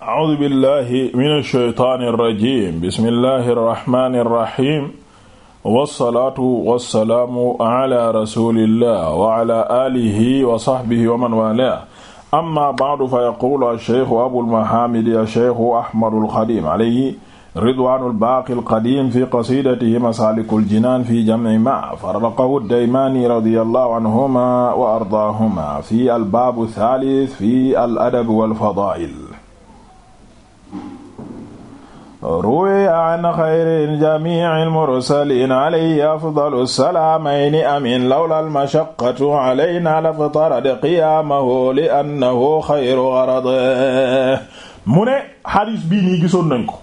A'uuzu billaahi mina shaytaani rajiim bismillaahi rahmaani rahiim wassalaatu wassalaamu alaa rasuulillaah wa alaa aalihi wa sahbihi wa man waalaah amma ba'du fa yaquulu ash-shaykhu abul mahaamidi ash-shaykhu Ahmadul Xadiim alayhi ridwaanul baaqil qadiim fi qasiidatihi masaalikul jinaan fi jam'i maa farraqahu ad-Daymaani radiyallaahu anhumaa wa ardaahumaa fi al-baab ath-thaalith fi al-adab wal fadaa'il ruwiya an xayri jamiil mursaliin alayhi afdalu salaamayni amiin lawla almashaqqatu alaynaa laftarada qiyaamahu li annahu xayru garadihi mu ne xadiis bii nii gisoon nañ ko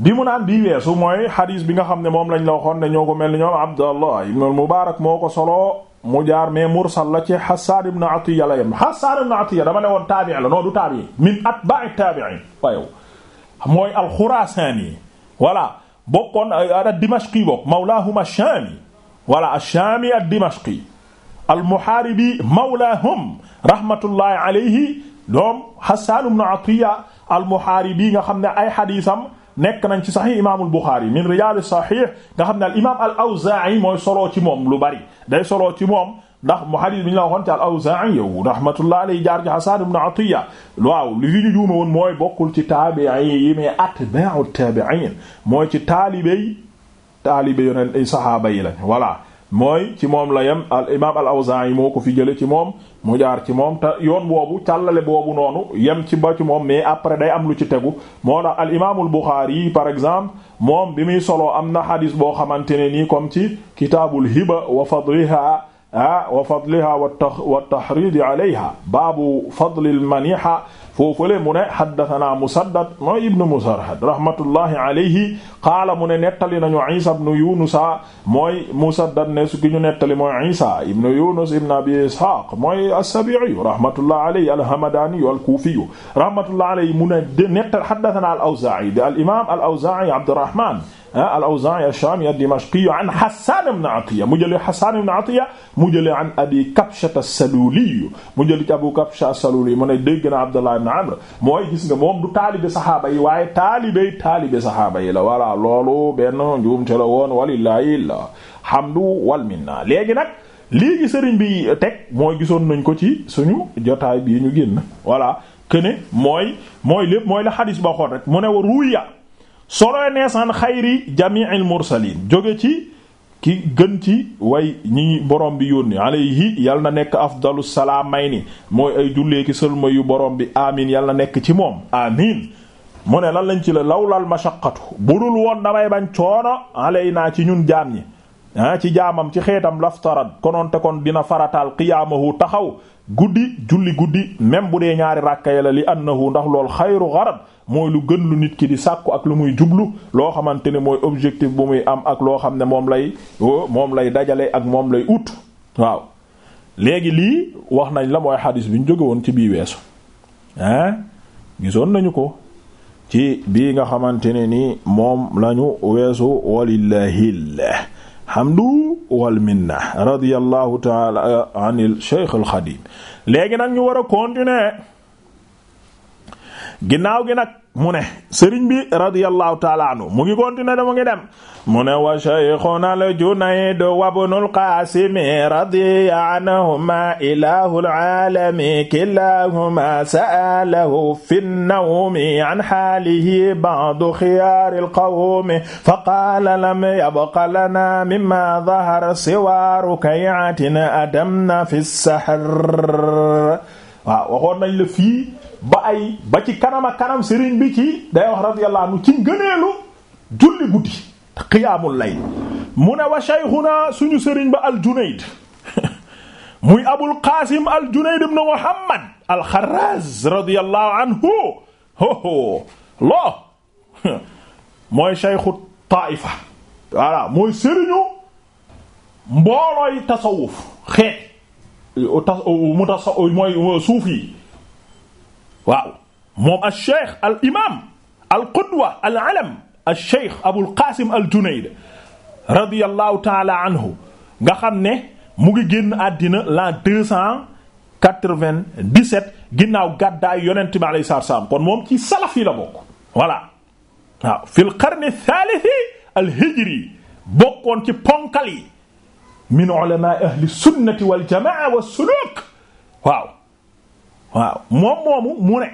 bi mu naan bii u mooy xadiis bi nga xam ne moom lañ la waxoon ne ñoo ko mel ni ñoom mu ibnul Mubaarak moo ko soloo mu jaar mais mursal la ci Hassan ibn Atiyya la yem Hassan ibn Atiyya dama ne woon taabi'i la non du taabi'i min atbaa'i taabi'iin mooy alxurasaani voilà bokkoon euh, a dimashqi bokk mawlaahum ash-shaami voilà ash-shaami ad-dimashqi al-muhaaribi mawlaahum rahmatullahi alayhi doom Hassaan ibn Atiyya al-muhaaribi nga xam ne ay xadiisam nekk nañ ci saxiix imaamul Buxaari min rijaali saxiix nga xam ne al imaam al-Awzaa'i mooy soloo ci moom lu bari day soloo ci moom ndax mu xadiis bi ñu la waxoon ci al yow rahmatullah alayhi jaar ci Hasan ibn Atiyya waaw li ñu juuma woon mooy bokkul ci taabi'i yi mais atbaa'u taabi'iin mooy ci taalibey taalibe yoneen ay saxaaba yi lañ voilà mooy ci moom la yem al imaam al Awzaa'i moo ko fi jële ci moom moo jaar ci moom te yoon boobu càllale boobu noonu yem ci ba ci moom mais après day am lu ci tegu moo tax al imaamul Buxaari par exemple moom bi muy solo am na xadis boo xamante ne nii comme ci kitaabul hiba wa ah wa fadliha wa tahriidi alayha baabu fadlil maniha foofale mu ne haddathana musaddad mooy ibnu musarhad rahmatullahi alayhi qaala mu ne nettali nañu isa ibnu yunusa mooy musaddad ne su ki ñu nettali mooy isa ibnu yunus ibnu abi ishaq mooy as-sabi'i rahmatullahi alayhi al-hamadani al-kufi rahmatullahi alayhi mu ne nettal haddathana al-awza'i bi al-imam al-awza'i abdurrahman ah, al-Awzaa'i ash-Shaami ad-Dimashqi an Hassaan ibn Atiyya mu jëlee Hassaan ibn Atiyya mu jëlee an Abi Kabsha as-Saluuli mu jëlee ci Abu Kabsha as-Saluuli mu ne dégg na Abdullah ibn Amr mooy gis nga moom du taalibe saxaaba yi waaye taalibe taalibe saxaaba yi la voilà loolu benn njuumte la woon walillahi alhamdu wal minna léegi nag lii gi sëriñ bi teg mooy gisoon nañ ko ci suñu jotaay bii ñu génn voilà que ne mooy mooy lépp mooy la xadis ba xool rek mu ne wa ruya solo neesan xayri jami'il mursalin jóge ci ci gën ci way ñi borom bi yónni alayhi yal na nekk afdalu salaamayni mooy ay jullee ki sëlma yu borom bi amin yal na nekk ci moom amin mu ne lan lañ ci la lawlal mashaqqatu budul woon damay bañ coono alay naa ci ñun jaam yi ah ci jaamam ci xeetam laftarad konoonte kon dina farataal qiyaamahu taxaw guddi julli guddi même bu dee ñaari ràkka ya la li annahu ndax lool xayru garad mooy lu gën lu nit ki di sàkku ak lu muy jublu loo xamante ne mooy objectif bu muy am ak loo xam ne moom lay moom lay dajale ak moom lay ut waaw léegi lii wax nañ la mooy xadis bi ñu jóge ci bii weesu ah gisoon nañu ko ci bii nga xamante ne ni moom lañu weesu walillahil alhamdu wal minna radiyallahu ta'ala anil Cheikh al Khadim léegi nag ñu war a continuer ginnaaw gi nag mu ne sëriñ bi radiyallahu taala anhu mu ngi continuer damu ngi dem mu ne wa shaykhuna al-Junayd wa ibnul Qasim radiya anhuma ilahul alami kilahuma sa'alahu fi an-nawmi an halihi ba'du khiyaril qawmi fa qala lam yabqa lana mimma dhahara siwa rukay'atin adamna fi as-sahr waaw waxoon nañ la fii ba ay ba ci kanam kanam sëriñ bi ci day wax radiyallahu anhu ci ngëneelu julli guddi qiyaamul lay mu ne wa shaykhuna suñu sëriñ ba al junayd muy abul qasim al junayd ibn muhammad al kharraz radiyallahu anhu hoho loo shaykhu taifa voilà mooy sëriñu mboolooy tasawuf xeet ta suuf yi waaw moom al cheikh al al qudwa al alam al cheikh abul qasim al junayd taala anhu nga xam ne mu ngi génn àddina l'an deux cent quatre-vingt-dix-sept ginnaaw gàddaay yonent bi salaam kon moom ci salaf bokk voilà waaw fil qarni thalithi al ci ponkal min ulama ahli sunnati wal jamaa waaw moom moomu mu ne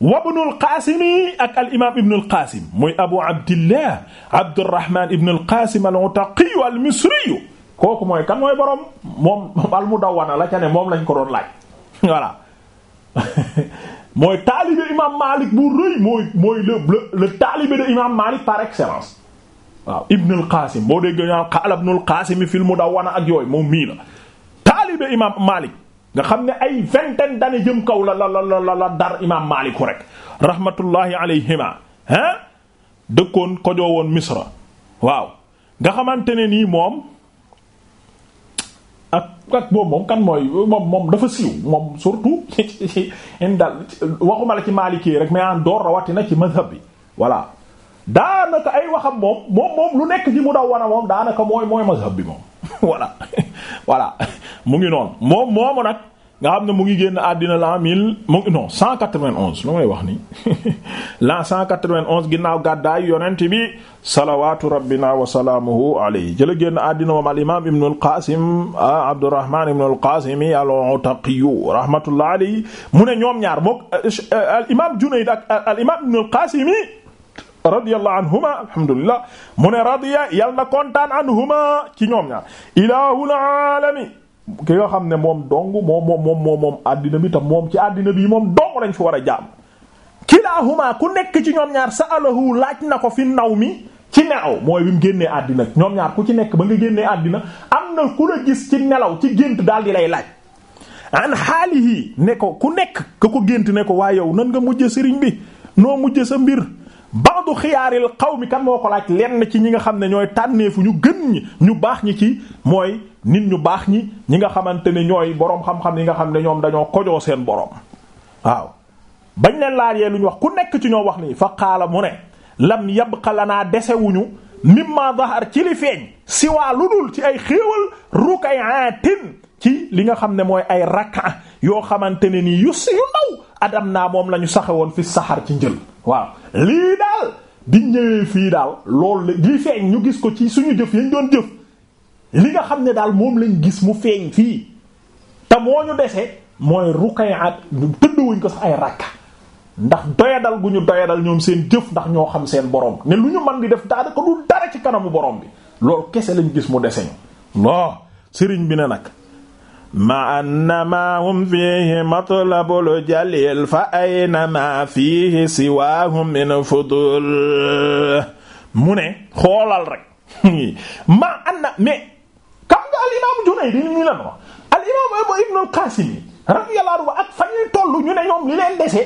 wabnul qaasimi ak al imaam ibnul qaasim muy abu abdillah abdurrahman ibnul qaasim al utaqi al misri kooku mooy kan mooy borom moom al mudawwana la ca ne moom lañ ko doon laaj voilà mooy taalibe imaam Malik bu rëy mooy mooy le le taalibe de imaam Malik par excellence waaw Ibnul Qasim boo déggee ñu naan qaala Ibnul Qasim fil Mudawwana ak yooyu moom mii la taalibe imaam Malik nga xam ne ay vingtaine d'années jëm kaw la la la la la dar imaam Maaliku rek rahmatullahi alayhima ah dëkkoon kojoo woon Misra waaw nga xamante ne nii moom ak ak boobu moom kan mooy moom dafa siiw moom surtout indal waxuma la ci Maalikee rek mais en dehors rawatina ci mazhab bi voilà daanaka ay waxam moom moom moom lu nekk ci mu daw wana moom daanaka mooy mooy mazhab bi moom voilà voilà mu ngi noonu moom moomu nag nga xam ne mu ngi génn àddina l'an mille mu ngi non cent quatre-vingt-onze lu may wax ni l'an cent quatre-vingt-onze ginnaaw gàddaay yonent bi salawaatu rabbina wa salaamuhu alayhi jëla génn àddina moom al imam ibnu al-Qasim Abdurrahman ibnu al-Qasim al-Utaqi rahmatullah alayhi mu ne ñoom ñaar mook euh, al imam Junayd ak al imam ibnu al-Qasim radiyallahu anhuma alhamdulillah mu ne radiya yal na kontaan anhuma ci ñoom ñaar ilahul alami ki nga xam ne moom dong moom moom moom moom àddina bi tam moom ci àddina bi moom dong lañ fi war a jaam kilaahuma ku nekk ci ñoom ñaar sa alahu laaj na ko fi naw mi ci nelaw mooy bi mu génnee àddina ñoom ñaar ku ci nekk ba nga génnee àddina am na ku la gis ci nelaw ci gént daal di lay laaj an xaalihi ne ko ku nekk ka ko gént ne ko waaye yow nan nga mujj sëriñ bi noo mujj sa mbir ba'du xiyaaril qawmi kan moo ko laaj lenn ci ñi nga xam ne ñooy tànneefu ñu gën ñi ñu baax ñi ci mooy nit ñu baax ñi ñi nga xamante ne ñooy boroom xam-xam yi nga xam ne ñoom dañoo kojoo seen boroom waaw bañ leen laajee lu ñu wax ku nekk ci ñoo wax nii fa qaala mu ne lam yabqa lanaa desewuñu mimma zahar ci li feeñ si lu dul ci ay xéewal rukayaatin ci li nga xam ne mooy ay rakka yoo xamante ne nii yu si yu ndaw adam naa moom la ñu saxe woon fi saxar ci njël waaw lii daal di ñëwee fii daal loolu li feeñ ñu gis ko ci suñu jëf yañ doon jëf li nga xam ne daal moom lañ gis mu feeñ fii te moo ñu dese mooy ruqayat ñu tëdd wuñ ko sax ay rakka ndax doyadal gu ñu doyadal ñoom seen jëf ndax ñoo xam seen borom ne lu ñu mën di def daanaka du dara ci kanamu borom bi lool kese lañ gis mu dese ñu. sëriñ bi ne nag. ma annama hum fiihi matlabul jalil fa aynama fiihi siwaahum min fudul mu ne xoolal rek ma anna mais kam nga al imam Junayd di ñu lan wax al imam ibn al Qasim yi radiyallahu anhu ak fan ñuy toll ñu ne ñoom li leen dese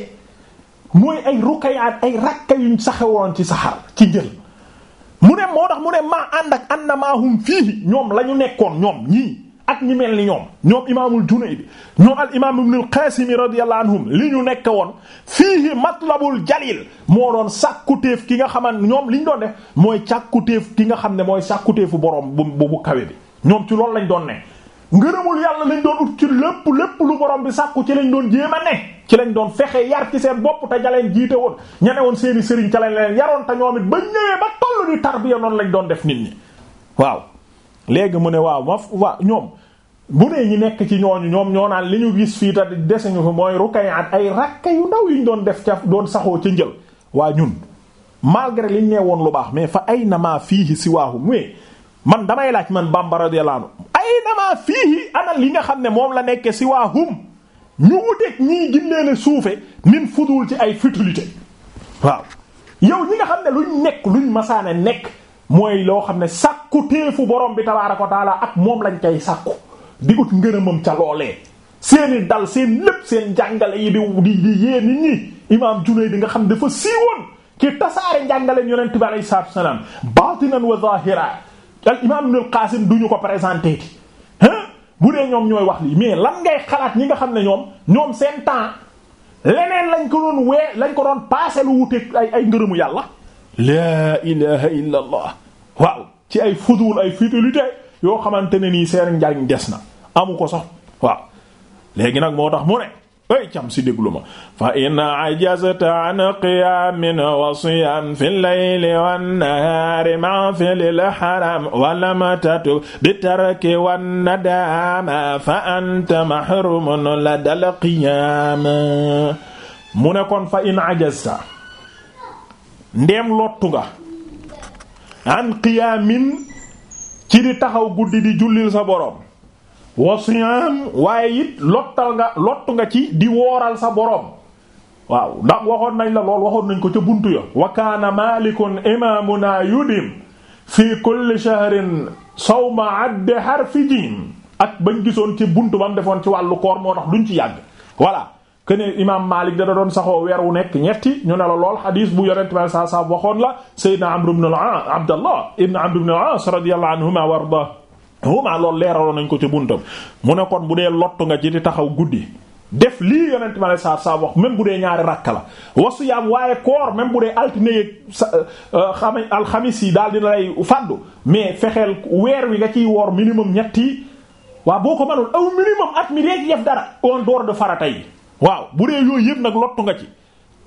mooy ay rukayaat ay rakka yuñ saxewoon ci saxar ci njël mu ne moo tax mu ne ma ànd ak annama hum fiihi ñoom la ñu nekkoon ñoom ñii ak ñi mel ni ñoom ñoom imaamul Junayd bi ñoom al imaam ibnul Qaasim radiyallahu anhum li ñu nekk woon fiihi matlabul jalil moo doon sàkkuteef ki nga xaman ñoom li ñu doon def mooy sàkkuteef ki nga xam ne mooy sàkkuteefu borom bu bu kawe bi ñoom ci loolu lañ doon ne ngërëmul yàlla lañ doon ut ci lépp lépp lu borom bi sàkku ci lañ doon jéem a ne ci lañ doon fexe yar ci seen bopp te jaleen jiite woon ñene woon seeni sëriñ ca lañ leen yaroon te ñoom it ba ñëwee ba toll ni tarbiya noon lañ doon def nit waaw léegi mu ne waaw maf wa ñoom bu ne ñi nekk ci ñooñu ñoom ñoo naan li ñu gis fii ta deseñu fi mooy rukayat ay rakka yu ndaw yu ñu doon def ca doon saxoo ca njël waa ñun malgré liñ nee woon lu baax mais fa ay namaa fiihi si waahu mais man damay laaj man Bamba radiyallahu anhu ay namaa fiihi ana li nga xam ne moom la nekke si waahum ñu wuteeg ñii gilleen a suufe min fudul ci ay futilité waaw yow ñi nga xam ne luñ nekk luñ masaane nekk mooy loo xam ne sàkku téefu borom bi tabaaraka wa taala ak moom lañ cay sàkku di ut ngërëmam ca loolee seeni dal seen lépp seen jàngale yi di di di yee nit ñi imaam Junayd di nga xam dafa siiwoon ci tasaare njàngale yonent bi alayhi salaatu wassalaam baatinan wa zaahira al imaam Ibnul Qaasim duñu ko présenté ti bu dee ñoom ñooy wax lii mais lan ngay xalaat ñi nga xam ne ñoom ñoom seen temps leneen lañ ko doon wee lañ ko doon paase lu wuteeg ay ay yàlla laa ilaha illa allah waaw ci ay fuduul ay futilité yoo xamante ne nii seen njariñ des na amu ko sax waaw léegi nag moo tax mu ne ay cam si déglu ma fa in ajazta an qiyaamin wa siyam fi layli wan nahaari ma fi lil haram walam tatub bi tarki wan nadama fa anta mahrumun la dal qiyaam mu ne kon fa in ajazta ndeem lottu nga an qiyaamin ci di taxaw guddi di jullil sa boroom wa siyaam waaye it lottal nga lottu nga ci di wooral sa boroom waaw ndax waxoon nañ la lool waxoon nañ ko ca buntu ya wa kaana malikun imamuna yudim fi kulli soow sawma adde harfi jim ak bañ gisoon ci bunt bam defoon ci wàllu koor moo tax duñ ci yàgg voilà këne imaam Maalik da doon saxoo weer wu nekk ñetti ñu ne la lool xadiis bu yonent bi saa saa waxoon la Seydina Amr ibn Abdallah ibn Amr ibn al-As radiyallahu anhuma wa ardaahuma nañ ko ci buntam mu ne bu dee lottu nga ci di taxaw guddi def lii yonent ma la saa saa wax bu dee ñaari rakk la wasu waaye koor même bu dee altine yeeg sa euh, euh, xam alxamis yi daal dina lay fàddu mais fexeel weer wi nga ciy woor minimum ñetti waa boo ko mënoon aw minimum at mi rek yef dara on door de farata yi waaw bu dee yooyu yëpp nag lottu nga ci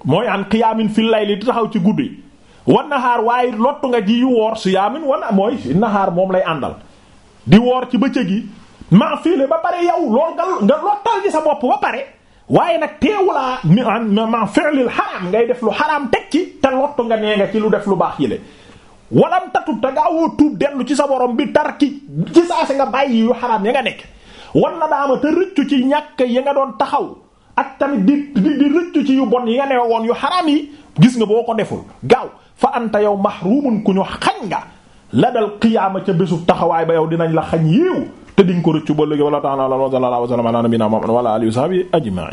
mooy an qiyaamin fil di taxaw ci guddi wan naxaar waaye lottu nga ji yu woor siyaamin wala mooy naxaar moom lay àndal di woor ci bëccëg yi maa fiile ba pare yow lool nga nga lottal ci sa bopp ba pare waaye nag teewulaa ma fi'lil xaraam ngay def lu xaraam teg ci te lottu nga nee nga ci lu def lu baax yile walam tatub te gaawoo tuub dellu ci sa borom bi tarki ci saase nga bàyyi yu xaraam ya nga nekk wan na daama te rëccu ci ñàkk ya nga doon taxaw ak tamit di di di ci yu bon yi nga woon yu xaraam yi gis nga boo ko deful gaaw fa anta yow mahrumun ku ñu xañ nga la dal qiyaama ca bésub taxawaay ba yow dinañ la xañ yiw te di ko rëccu ba léegi wala ta'ala wa sallallahu alayhi wa sallam ala nabina wala alihi wa sahbihi ajma'in